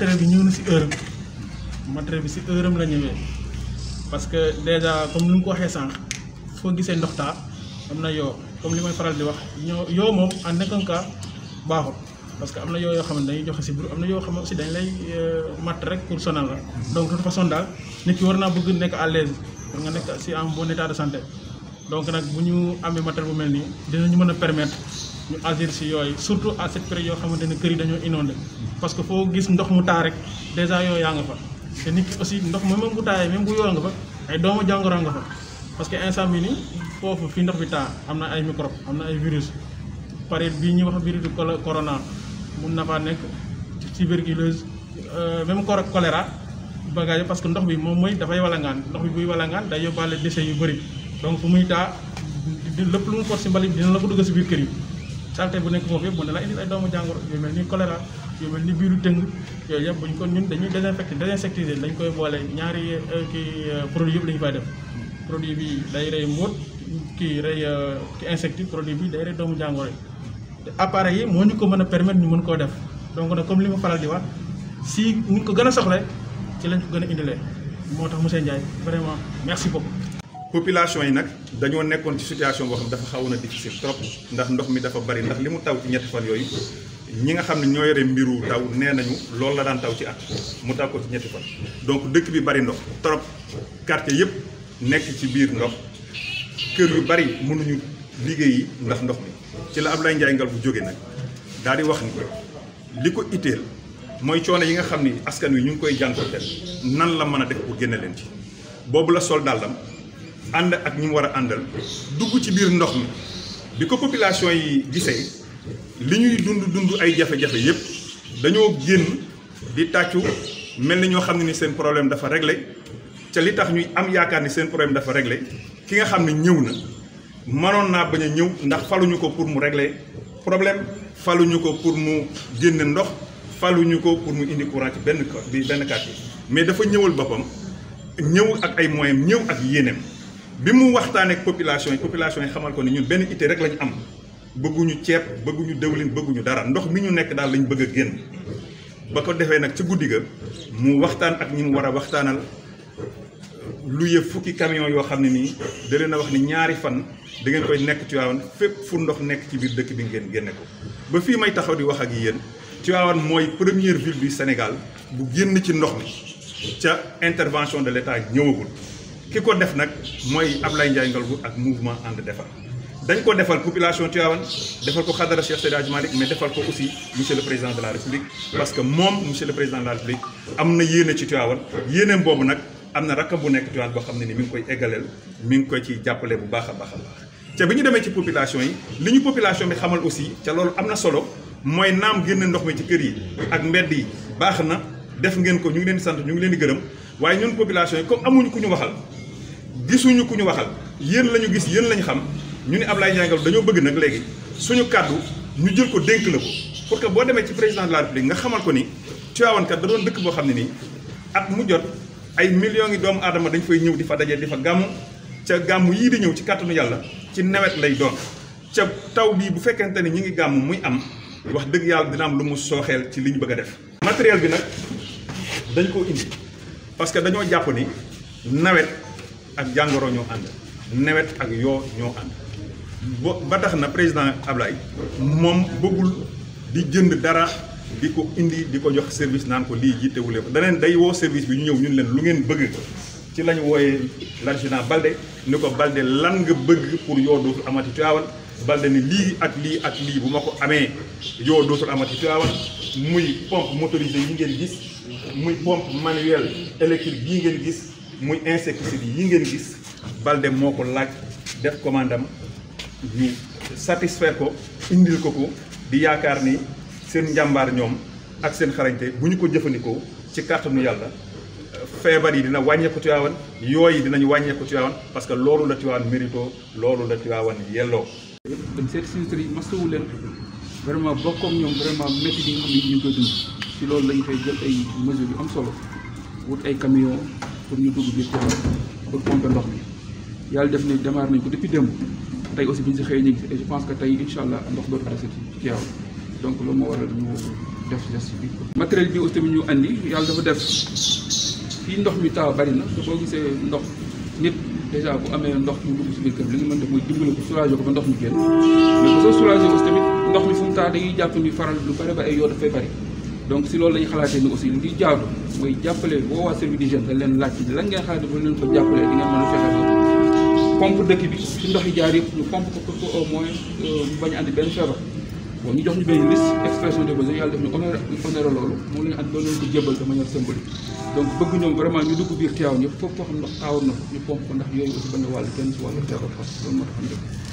matériel bi ñëw na si heure am matériel bi si heure am la ñëwee parce que déjà comme ni mu ko waxee sànq foo gisee ndox am na yoo comme li may faral di wax ñoo yoo moom en aucun cas baaxul parce que am na yoo yoo xam ne dañuy joxe si biir am na yoo xam ne dañ lay euh, mat rek pour sonal la donc de toute façon daal nit ki war naa bëgg nekk à l'aise war nga nekk si en bon état donc nag bu ñu amee matériel bu mel nii dinañu mën a permettre. Azir agir si yooyu surtout à cette période yoo xamante ne kër yi dañoo inondé parce que foo gis ndox mu taa rek dèjà yoo yaa nga fa te nit ki aussi ndox même bu taayee même bu yoo nga fa ay doomu jangoro nga fa parce que instant ni foofu fi ndox bi taa am ay microbe amna ay virus pare bii ñuy wax virus du corona mun na faa nekk tuberculose euh, même cor choléra bagage parce que ndox bi moom mooy dafay walangaan ndox bi buy walangaan day yóbbaale déchets yu bëri donc fu muy taa lépp lu mu for si mbalit dina la ko dugg si biir kër yi salté bu nek foofu yëpp mu la indi ay doomu jangor yu melni choléra yu melni biru teung yoy yeb buñ ko ñun dañuy désinfecté désinsectiser dañ koy bolé ñaari euh, ki euh, produit yeb la fay def produit bi day ray mbóot ki ray euh, ki insecte produit bi day ray doomu jangor appareil yi moo ñu ko mëna permettre ñu mëna ko def donc nag comme limu faral di wax si ñu ko gëna soxlé ci lañ ko gëna a indilee moo monsieur ndjay vraiment merci beaucoup population yi nag dañoo nekkoon ci situation boo xam dafa xawoon a difficile trop ndax ndox mi dafa bari ndax li mu taw ci ñetti fan yooyu ñi nga xam ne ñoo yore mbiru taw nee nañu loolu la daan taw ci at mu taw ci ñetti fan. donc dëkk bi bari ndox trop quartier yëpp nekk ci biir ndox kër yu bari mënuñu liggéeyi ndax ndox mi ci la Abdoulaye Ndiaye ngal bu jóge nag daal di wax ni li ko itteel mooy coono yi nga xam ni askan wi ñu ngi koy jànkoonteel nan la mën a def pour génne leen ci boobu la sol dàllam ànd ak ñi war a àndal dugg ci biir ndox mi bi ko population yi gisee li ñuy dund dund ay jafe-jafe yépp dañoo génn di tàccu mel na ñoo xam ne ni seen problème dafa regle ca li tax ñuy am yaakaar ni seen problème dafa regle ki nga xam ne ñëw na mënoon naa bañ a ñëw ndax faluñu ko pour mu régler problème faluñu ko pour mu génne ndox faluñu ko pour mu indi courant ci benn bi benn quartier mais dafa ñëwal boppam ñëw ak ay moyens ñëw ak yéeneem bi mu waxtaanee ak population yi population yi xamal ko ne ñun benn idée rek lañ am bëgguñu ceeb bëgguñu dëwlin bëgguñu dara ndox mi ñu nekk daal lañ bëgg a génn ba ko defee nag ci guddi ga mu waxtaan ak ñi mu war a waxtaanal lu yëf fukki camion yoo xam ne nii da na wax ni ñaari fan da ngeen koy nekk Tivaouane fépp fu ndox nekk ci biir dëkk bi ngeen génne ko ba fii may taxaw di wax ak yéen Tivaouane mooy première ville du Sénégal bu génn ci ndox mi ca intervention de l'État ñëwagul ki ko def nag mooy Ablaye Ndiaye Ngalgou ak mouvement ànd defar dañ ko defal population Tivaouane defal ko xadara Cheikh Seydi Hadji Malick mais defal ko aussi monsieur le président de la république parce que moom monsieur le président de la république am na yéene ci Tivaouane yéeneem boobu nag am na rakkam bu nekk Tivaouane boo xam ne ni mi ngi koy eggaleel mi ngi koy ci jàppale bu baax a baax a baax te bi ñu demee ci population yi li ñu population bi xamal aussi ca loolu am na solo mooy naam génn ndox mi ci kër yi ak mbedd yi baax na def ngeen ko ñu ngi leen di ñu ngi leen di gërëm waaye ñun population yi comme amuñu ku ñu waxal gisuñu ku ñu waxal yéen la ñu gis yéen lañu xam ñu ne Ablaye Ndiaye Ngalandou dañoo bëgg nag léegi suñu kàddu ñu jël ko dénk la ko pour que boo demee ci président de la république nga xamal ko ni Tivaouane kat da doon dëkk boo xam ne nii at mu jot ay millions ngi doomu aadama dañu fay ñëw di fa dajee di fa gàmmu ca gàmmu yii di ñëw ci kàttanu yàlla ci nawet lay doon ca taw bii bu fekkente ni ñu ngi gàmmu muy am wax dëgg yàlla dina am lu mu sooxeel ci li ñu bëgg a def. matériel bi nag dañ koo indi parce que dañoo jàpp ni nawet. ak jàngoro ñoo ànd newet ak yo ñoo and ba tax na président Ablaye moom bëggul di jënd dara diko indi diko jox service nan ko lii jiitewule da len day wo service bi ñu ñew ñun len lu ngeen bëgg ci lañu woyé l'argent Balde ni ko Balde lan nga bëgg pour yo dootul amati Tiwaawan Balde ni li ak li ak li bu mako amé yo yoo amati Tiwaawan muy pompe motorisée yi ngeen gis muy pompe manuel électrique bii ngeen gis muy insecticide yi ngeen gis Balde moo ko laaj def commande am ñu satisfaire ko indil ko ko di yaakaar ni seen njàmbaar ñoom ak seen xarañte bu ñu ko jëfandikoo ci kàttanu yàlla feebar yi dina wàññeeku Tiwaawan yooyu dinañu wàññeeku Tiwaawan parce que loolu la Tiwaawan mérito loolu la Tiwaawan yelloo. dem seet sinistre yi masawu leen vraiment bokkoom ñoom vraiment métti yi nga xam ne ñu koy dund ci loolu lañ koy jël ay mesures yu am solo wut ay camion pour ñu dugg biir Thiénaba pour pomper ndox mi yàlla def ni démarré nañ ko depuis démb tey aussi bi ñu si xëyee ñu je pense que tey incha allah ndox dootu desati ci Thiénaba donc loolu moo waral ñu def geste bi. matériel bi aussi tamit ñu andi yàlla dafa def fii ndox mi taw bari na te boo gisee ndox nit dèjà bu amee ndox mu dugg si biir kër li nga mën def mooy dimbali ko soulager ko ba ndox mi génn mais bu soo soulager aussi tamit ndox mi fu mu taa dañuy jàpp ni faral lu bari ba ay yoo daf bari. donc si loolu lañu ñu xalaatee ni aussi li jaadu mooy jàppale boo service d'hygiène dañ leen laaj lan ngeen xalaate ba leen ko jàppale di ngeen mën a fexe ba pompe dëkk bi si ndox yi jaar yëpp ñu pompe ko pour que au moins euh, mu bañ a andi benn feebar bon ñu jox ñu benn liste expression de besoin yàlla def ñu honoré honoré loolu moom la ñu andi loolu ko jébal de manière bëgg ñoom vraiment ñu dugg biir Tivaouane yëpp foofu foo xam ndox taawoon na ñu pompe ko ndax yooyu aussi bañ a